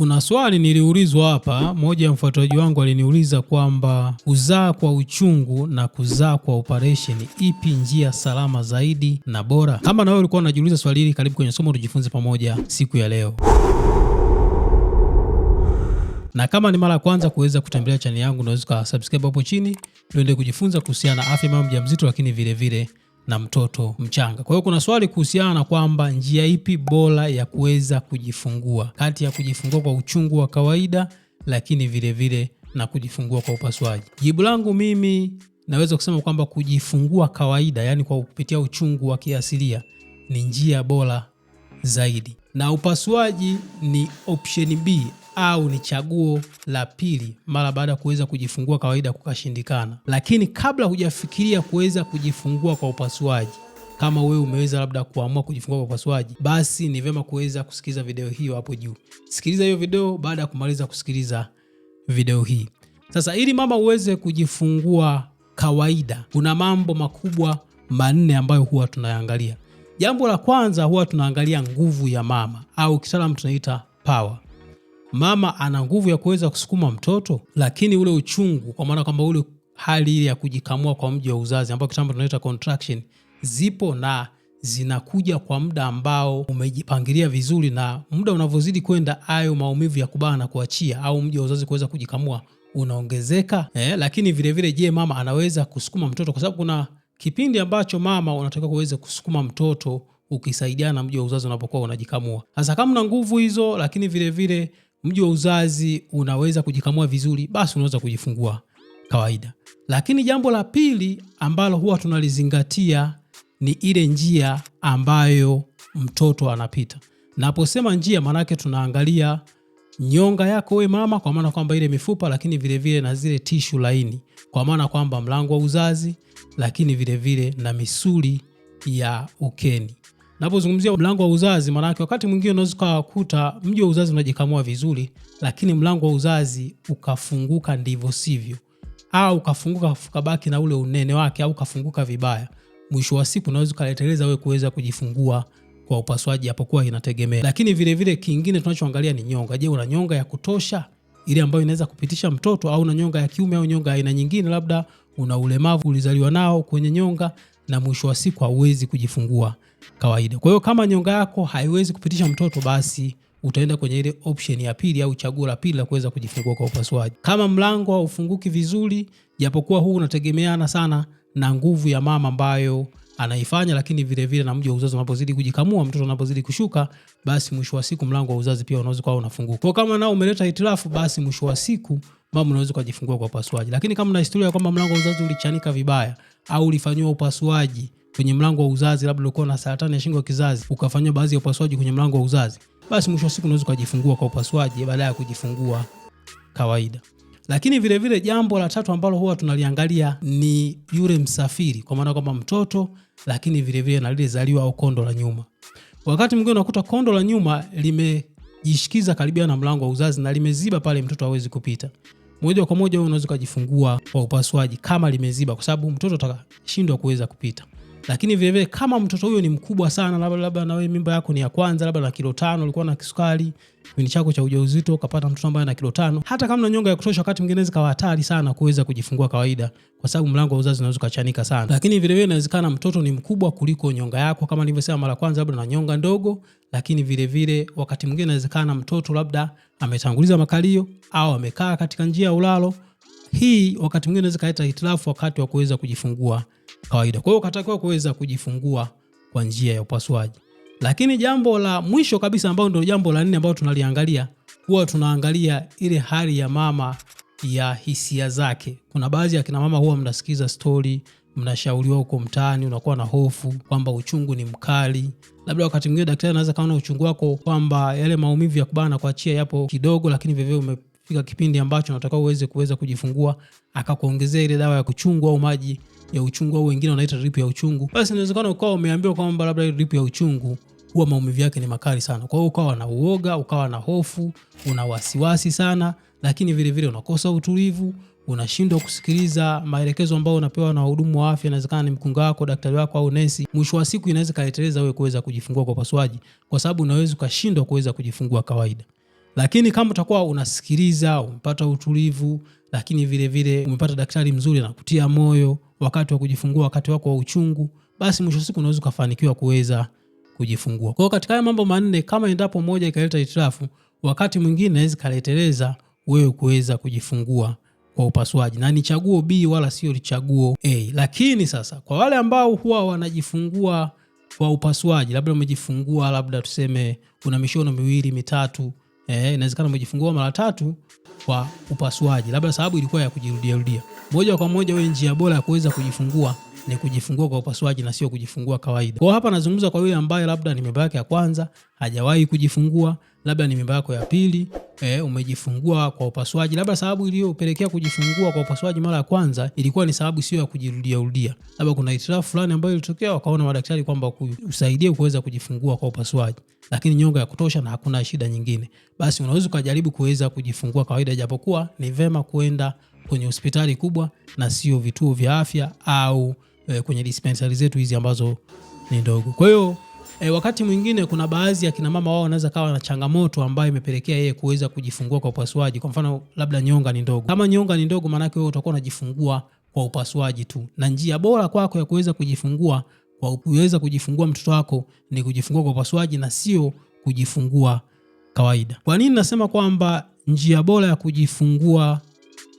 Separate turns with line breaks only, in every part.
Kuna swali niliulizwa hapa, moja ya mfuatiliaji wangu aliniuliza kwamba kuzaa kwa uchungu na kuzaa kwa operesheni, ipi njia salama zaidi na bora? Kama na wewe ulikuwa unajiuliza swali hili, karibu kwenye somo tujifunze pamoja siku ya leo na kama ni mara ya kwanza kuweza kutembelea chaneli yangu, unaweza ukasubscribe hapo chini, tuende kujifunza kuhusiana na afya mama mjamzito, lakini vilevile na mtoto mchanga. Kwa hiyo kuna swali kuhusiana na kwamba njia ipi bora ya kuweza kujifungua kati ya kujifungua kwa uchungu wa kawaida, lakini vilevile vile na kujifungua kwa upasuaji. Jibu langu mimi naweza kusema kwamba kujifungua kawaida, yaani kwa kupitia uchungu wa kiasilia ni njia bora zaidi, na upasuaji ni option B au ni chaguo la pili mara baada ya kuweza kujifungua kawaida kukashindikana. Lakini kabla hujafikiria kuweza kujifungua kwa upasuaji, kama wewe umeweza labda kuamua kujifungua kwa upasuaji, basi ni vyema kuweza kusikiliza video hiyo hapo juu. Sikiliza hiyo video baada ya kumaliza kusikiliza video hii. Sasa ili mama uweze kujifungua kawaida, kuna mambo makubwa manne ambayo huwa tunayaangalia. Jambo la kwanza huwa tunaangalia nguvu ya mama au kitaalamu tunaita power mama ana nguvu ya kuweza kusukuma mtoto, lakini ule uchungu, kwa maana kwamba ule hali ile ya kujikamua kwa mji wa uzazi ambao kitambo tunaita contraction, zipo na zinakuja kwa muda ambao umejipangilia vizuri, na muda unavyozidi kwenda, ayo maumivu ya kubana na kuachia au mji wa uzazi kuweza kujikamua unaongezeka eh. Lakini vilevile, je, mama anaweza kusukuma mtoto? Kwa sababu kuna kipindi ambacho mama unatakiwa kuweza kusukuma mtoto ukisaidiana na mji wa uzazi unapokuwa unajikamua. Sasa kama una nguvu hizo, lakini vilevile vile, mji wa uzazi unaweza kujikamua vizuri, basi unaweza kujifungua kawaida. Lakini jambo la pili ambalo huwa tunalizingatia ni ile njia ambayo mtoto anapita. Naposema njia, maanake tunaangalia nyonga yako we mama, kwa maana kwamba ile mifupa, lakini vilevile na zile tishu laini, kwa maana kwamba mlango wa uzazi, lakini vilevile na misuli ya ukeni. Napozungumzia mlango wa uzazi, maanake wakati mwingine unaweza ukakuta mji wa uzazi unajikamua vizuri, lakini mlango wa uzazi ukafunguka ndivyo sivyo, au ukafunguka ukabaki na ule unene wake, au ukafunguka vibaya. Mwisho wa siku unaweza ukaleteleza wewe kuweza kujifungua kwa upasuaji, japokuwa inategemea. Lakini vile vile kingine tunachoangalia ni nyonga. Je, una nyonga ya kutosha ile ambayo inaweza kupitisha mtoto, au una nyonga ya kiume au nyonga aina nyingine, labda una ulemavu ulizaliwa nao kwenye nyonga na mwisho wa siku hauwezi kujifungua kawaida. Kwa hiyo kama nyonga yako haiwezi kupitisha mtoto, basi utaenda kwenye ile option ya pili au chaguo la pili la kuweza kujifungua kwa upasuaji. Kama mlango haufunguki vizuri, japokuwa huu unategemeana sana na nguvu ya mama ambayo anaifanya, lakini vile vile na mji wa uzazi unapozidi kujikamua, mtoto anapozidi kushuka, basi mwisho wa siku mlango wa uzazi pia unaweza kuwa unafunguka. Kwa kama nao umeleta hitilafu, basi mwisho wa siku mama unaweza kujifungua kwa upasuaji. Lakini kama na historia kwamba mlango wa uzazi ulichanika vibaya au ulifanywa upasuaji kwenye mlango wa uzazi, labda ulikuwa na saratani ya shingo ya kizazi, ukafanywa baadhi ya upasuaji kwenye mlango wa uzazi, basi mwisho wa siku unaweza kujifungua kwa upasuaji baada ya kujifungua kawaida. Lakini vile vile jambo la tatu ambalo huwa tunaliangalia ni yule msafiri, kwa maana kwamba mtoto, lakini vile vile na lile zaliwa au kondo la nyuma. Wakati mwingine unakuta kondo la nyuma limejishikiza karibia na mlango wa uzazi na limeziba pale, mtoto hawezi kupita moja kwa moja. unaweza ukajifungua kwa upasuaji kama limeziba, kwa sababu mtoto atashindwa kuweza kupita. Lakini vile vile kama mtoto huyo ni mkubwa sana, labda labda na wewe mimba yako ni ya kwanza, labda na kilo tano, ulikuwa na kisukari kipindi chako cha ujauzito, ukapata mtoto ambaye ana kilo tano, hata kama na nyonga ya kutosha, wakati mwingine zikawa hatari sana kuweza kujifungua kawaida, kwa sababu mlango wa uzazi unaweza kuchanika sana. Lakini vile vile inawezekana mtoto ni mkubwa kuliko nyonga yako, kama nilivyosema mara kwanza, labda na nyonga ndogo. Lakini vile vile wakati mwingine inawezekana mtoto labda ametanguliza makalio au amekaa katika njia ya ulalo. Hii wakati mwingine inaweza kaleta hitilafu wakati wa kuweza kujifungua kawaida. Kwa hiyo ukatakiwa kuweza kujifungua kwa njia ya upasuaji. Lakini jambo la mwisho kabisa ambalo ndio jambo la nne ambalo tunaliangalia, huwa tunaangalia ile hali ya mama ya hisia zake. Kuna baadhi ya kina mama huwa mnasikiza stori, mnashauriwa huko mtaani, unakuwa na hofu kwamba uchungu ni mkali. Labda wakati mwingine daktari anaweza kaona uchungu wako kwamba yale maumivu ya kubana na kuachia yapo kidogo, lakini vivyo kufika kipindi ambacho nataka uweze kuweza kujifungua, akakuongezea ile dawa ya kuchungwa au maji ya uchungu au wengine wanaita drip ya uchungu, basi inawezekana ukawa umeambiwa kwamba labda ile drip ya uchungu huwa maumivu yake ni makali sana. Kwa hiyo ukawa na uoga, ukawa na hofu, una wasiwasi sana, lakini vile vile unakosa utulivu, unashindwa kusikiliza maelekezo ambayo unapewa na wahudumu wa afya, inawezekana ni mkunga wako, daktari wako au nesi. Mwisho wa siku inaweza kaeteleza wewe kuweza kujifungua kwa upasuaji, kwa sababu unaweza ukashindwa kuweza kujifungua kawaida. Lakini kama utakuwa unasikiliza, umepata utulivu, lakini vile vile umepata daktari mzuri anakutia moyo wakati wa kujifungua, wakati wako wa uchungu, basi mwisho siku unaweza ukafanikiwa kuweza kujifungua. kwao katika haya mambo manne, kama endapo moja ikaleta hitilafu, wakati mwingine inaweza ikaleteleza wewe kuweza kujifungua kwa upasuaji, na ni chaguo B wala sio lichaguo A. Lakini sasa kwa wale ambao huwa wanajifungua kwa upasuaji, labda umejifungua labda tuseme una mishono miwili mitatu eh, inawezekana umejifungua mara tatu kwa upasuaji, labda sababu ilikuwa ya kujirudia rudia. Moja kwa moja, wewe njia bora ya kuweza kujifungua ni kujifungua kwa upasuaji na sio kujifungua kawaida. Kwa hapa nazungumza kwa yule ambaye labda ni mimba yake ya kwanza, hajawahi kujifungua, labda ni mimba yako ya pili, e, umejifungua kwa upasuaji. Labda sababu iliyopelekea kujifungua kwa upasuaji mara ya kwanza ilikuwa ni sababu sio ya kujirudia rudia. Labda kuna hitilafu fulani ambayo ilitokea, wakaona madaktari kwamba usaidie kuweza kujifungua kwa upasuaji, lakini nyonga ya kutosha na hakuna shida nyingine, basi unaweza kujaribu kuweza kujifungua kawaida, japokuwa ni vema kwenda kwenye hospitali kubwa na sio vituo vya afya au eh, kwenye dispensary zetu hizi ambazo ni ndogo. Kwa hiyo eh, wakati mwingine kuna baadhi ya kina mama wao wanaweza kawa na changamoto ambayo imepelekea yeye kuweza kujifungua kwa upasuaji. Kwa mfano labda nyonga ni ndogo. Kama nyonga ni ndogo, maana yake wewe utakuwa unajifungua kwa upasuaji tu, na njia bora kwako ya kuweza kujifungua kwa kuweza kujifungua mtoto wako ni kujifungua kwa upasuaji na sio kujifungua kawaida. Kwa nini nasema kwamba njia bora ya kujifungua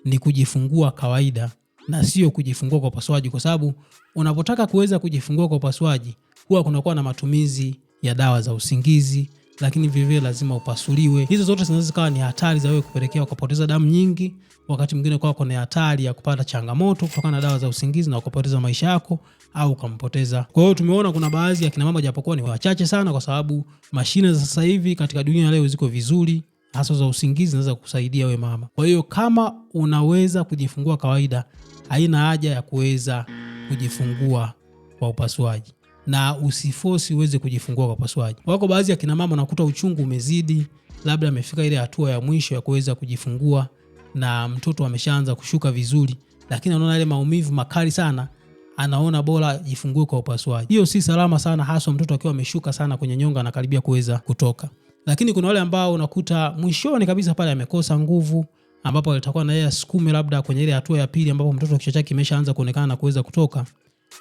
ni kujifungua kawaida? na sio kujifungua kwa upasuaji, kwa sababu unapotaka kuweza kujifungua kwa upasuaji huwa kunakuwa na matumizi ya dawa za usingizi, lakini vilevile lazima upasuliwe. Hizo zote zinaweza zikawa ni hatari za wewe kupelekea ukapoteza damu nyingi, wakati mwingine kwako ni hatari ya kupata changamoto kutokana na dawa za usingizi na ukapoteza maisha yako au ukampoteza. Kwa hiyo tumeona kuna baadhi ya kina mama, japokuwa ni wachache sana, kwa sababu mashine za sasa hivi katika dunia leo ziko vizuri hasa za usingizi zinaweza kukusaidia we mama. Kwa hiyo kama unaweza kujifungua kawaida, haina haja ya kuweza kujifungua kwa upasuaji na usifosi uweze kujifungua kwa upasuaji. Wako baadhi ya kinamama unakuta uchungu umezidi, labda amefika ile hatua ya mwisho ya kuweza kujifungua na mtoto ameshaanza kushuka vizuri, lakini anaona ile maumivu makali sana, anaona bora jifungue kwa upasuaji. Hiyo si salama sana, haswa mtoto akiwa ameshuka sana kwenye nyonga, anakaribia kuweza kutoka. Lakini kuna wale ambao unakuta mwishoni kabisa pale amekosa nguvu ambapo atakuwa na yeye asukume labda kwenye ile hatua ya pili ambapo mtoto kichwa chake kimeshaanza kuonekana na kuweza kutoka.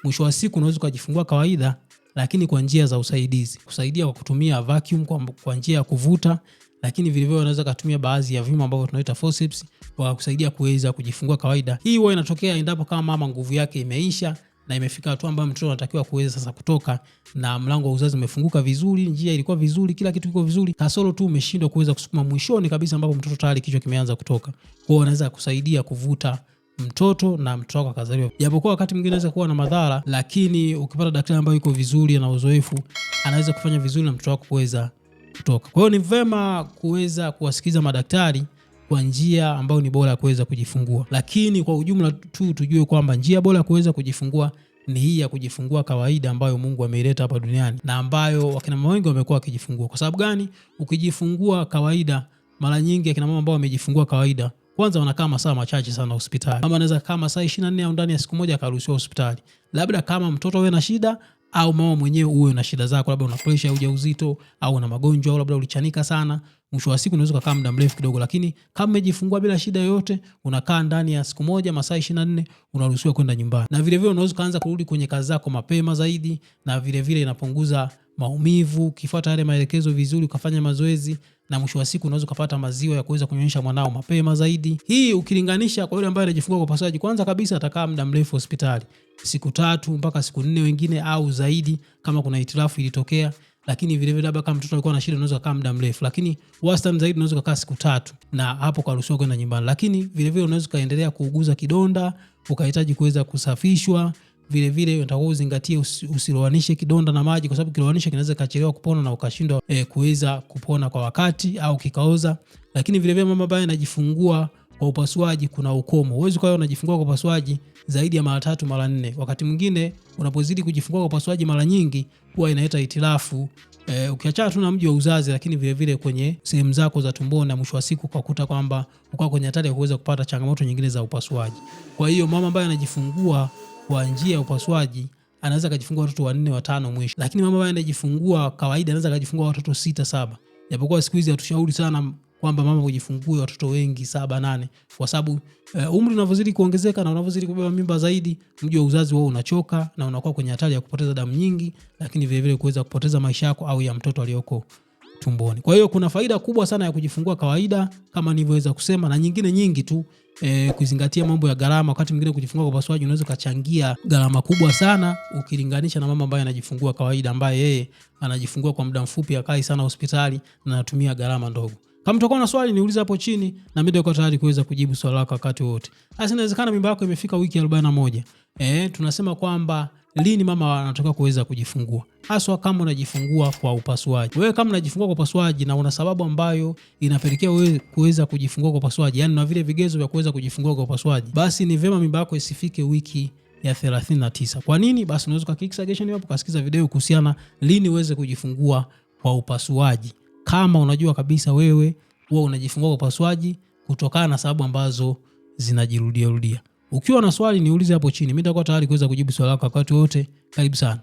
Mwisho wa siku unaweza ukajifungua kawaida, lakini kwa njia za usaidizi, kusaidia kwa kutumia vacuum, kwa, kwa njia ya kuvuta, lakini vile vile unaweza kutumia baadhi ya vyuma ambavyo tunaita forceps kwa kusaidia kuweza kujifungua kawaida. Hii huwa inatokea endapo kama mama nguvu yake imeisha na imefika hatua ambayo mtoto anatakiwa kuweza sasa kutoka, na mlango wa uzazi umefunguka vizuri, njia ilikuwa vizuri, kila kitu kiko vizuri, kasoro tu umeshindwa kuweza kusukuma mwishoni kabisa, ambapo mtoto tayari kichwa kimeanza kutoka. Kwa hiyo anaweza kusaidia kuvuta mtoto na mtoto wako akazaliwa, japokuwa wakati mwingine anaweza kuwa na madhara, lakini ukipata daktari ambaye yuko vizuri na uzoefu, anaweza kufanya vizuri na mtoto wako kuweza kutoka. Kwa hiyo ni vema kuweza kuwasikiliza madaktari kwa njia ambayo ni bora ya kuweza kujifungua. Lakini kwa ujumla tu tujue kwamba njia bora ya kuweza kujifungua ni hii ya kujifungua kawaida ambayo Mungu ameileta hapa duniani na ambayo wakina mama wengi wamekuwa wakijifungua. Kwa sababu gani? Ukijifungua kawaida, mara nyingi akina mama ambao wamejifungua kawaida kwanza wanakaa masaa machache sana hospitali. Mama anaweza kaa masaa 24 au ndani ya siku moja akaruhusiwa hospitali, labda kama mtoto wewe na shida au mama mwenyewe uwe na shida zako, labda una pressure ya ujauzito au una magonjwa au labda ulichanika sana. Mwisho wa siku unaweza kukaa muda mrefu kidogo, lakini kama umejifungua bila shida yoyote, unakaa ndani ya siku moja masaa 24 unaruhusiwa kwenda nyumbani, na vilevile unaweza ukaanza kurudi kwenye kazi zako mapema zaidi, na vilevile vile inapunguza maumivu ukifuata yale maelekezo vizuri, ukafanya mazoezi na mwisho wa siku unaweza ukapata maziwa ya kuweza kunyonyesha mwanao mapema zaidi. Hii ukilinganisha kwa yule ambaye anajifungua kwa upasuaji, kwanza kabisa atakaa muda mrefu hospitali, siku tatu mpaka siku nne wengine au zaidi, kama kuna hitilafu ilitokea lakini vile vile labda kama mtoto alikuwa na shida unaweza kukaa muda mrefu, lakini wastani zaidi unaweza kukaa siku tatu, na hapo karuhusiwa kwenda nyumbani. Lakini vile vile unaweza ukaendelea kuuguza kidonda ukahitaji kuweza kusafishwa vilevile utakuwa uzingatie usilowanishe kidonda na maji, kwa sababu kilowanisha kinaweza kachelewa kupona na ukashindwa e, kuweza kupona kwa wakati au kikaoza. Lakini vile vile mama ambaye anajifungua kwa upasuaji kuna ukomo. Huwezi ukawa unajifungua kwa upasuaji zaidi ya mara tatu mara nne. Wakati mwingine unapozidi kujifungua kwa upasuaji mara nyingi huwa inaleta itilafu e, eh, ukiachana tu na mji wa uzazi, lakini vile vile kwenye sehemu zako za tumboni, na mwisho wa siku ukakuta kwamba ukawa kwenye hatari ya kuweza kupata changamoto nyingine za upasuaji. Kwa hiyo mama ambaye anajifungua kwa njia ya upasuaji anaweza akajifungua watoto wanne watano mwisho, lakini mama ambaye anajifungua kawaida anaweza akajifungua watoto sita saba, japokuwa siku hizi hatushauri sana kwamba mama kujifungue watoto wengi saba nane, kwa sababu uh, umri unavyozidi kuongezeka na unavyozidi kubeba mimba zaidi, mji wa uzazi wao unachoka na unakuwa kwenye hatari ya kupoteza damu nyingi, lakini vile vile kuweza kupoteza maisha yako au ya mtoto aliyoko tumboni. Kwa hiyo kuna faida kubwa sana ya kujifungua kawaida kama nilivyoweza kusema na nyingine nyingi tu e, kuzingatia mambo ya gharama. Wakati mwingine kujifungua kwa upasuaji unaweza ukachangia gharama kubwa sana ukilinganisha na mama ambaye anajifungua kawaida, ambaye yeye anajifungua kwa muda mfupi, akai sana hospitali na anatumia gharama ndogo. Kama utakuwa na swali niulize hapo chini, na mimi niko tayari kuweza kujibu swali lako wakati wote. Sasa inawezekana mimba yako imefika wiki 41. Eh, tunasema kwamba lini mama anatoka kuweza kujifungua, haswa kama unajifungua kwa upasuaji. Wewe kama unajifungua kwa upasuaji na una sababu ambayo inapelekea wewe kuweza kujifungua kwa upasuaji, yani na vile vigezo vya kuweza kujifungua kwa upasuaji, basi ni vyema mimba yako isifike wiki ya 39. Kwa nini? Basi unaweza ukaklik suggestion hapo ukasikiza video kuhusiana lini uweze kujifungua kwa upasuaji, kama unajua kabisa wewe huwa unajifungua kwa upasuaji kutokana na sababu ambazo zinajirudiarudia. Ukiwa na swali niulize hapo chini, mimi nitakuwa tayari kuweza kujibu swali lako wakati wote. Karibu sana.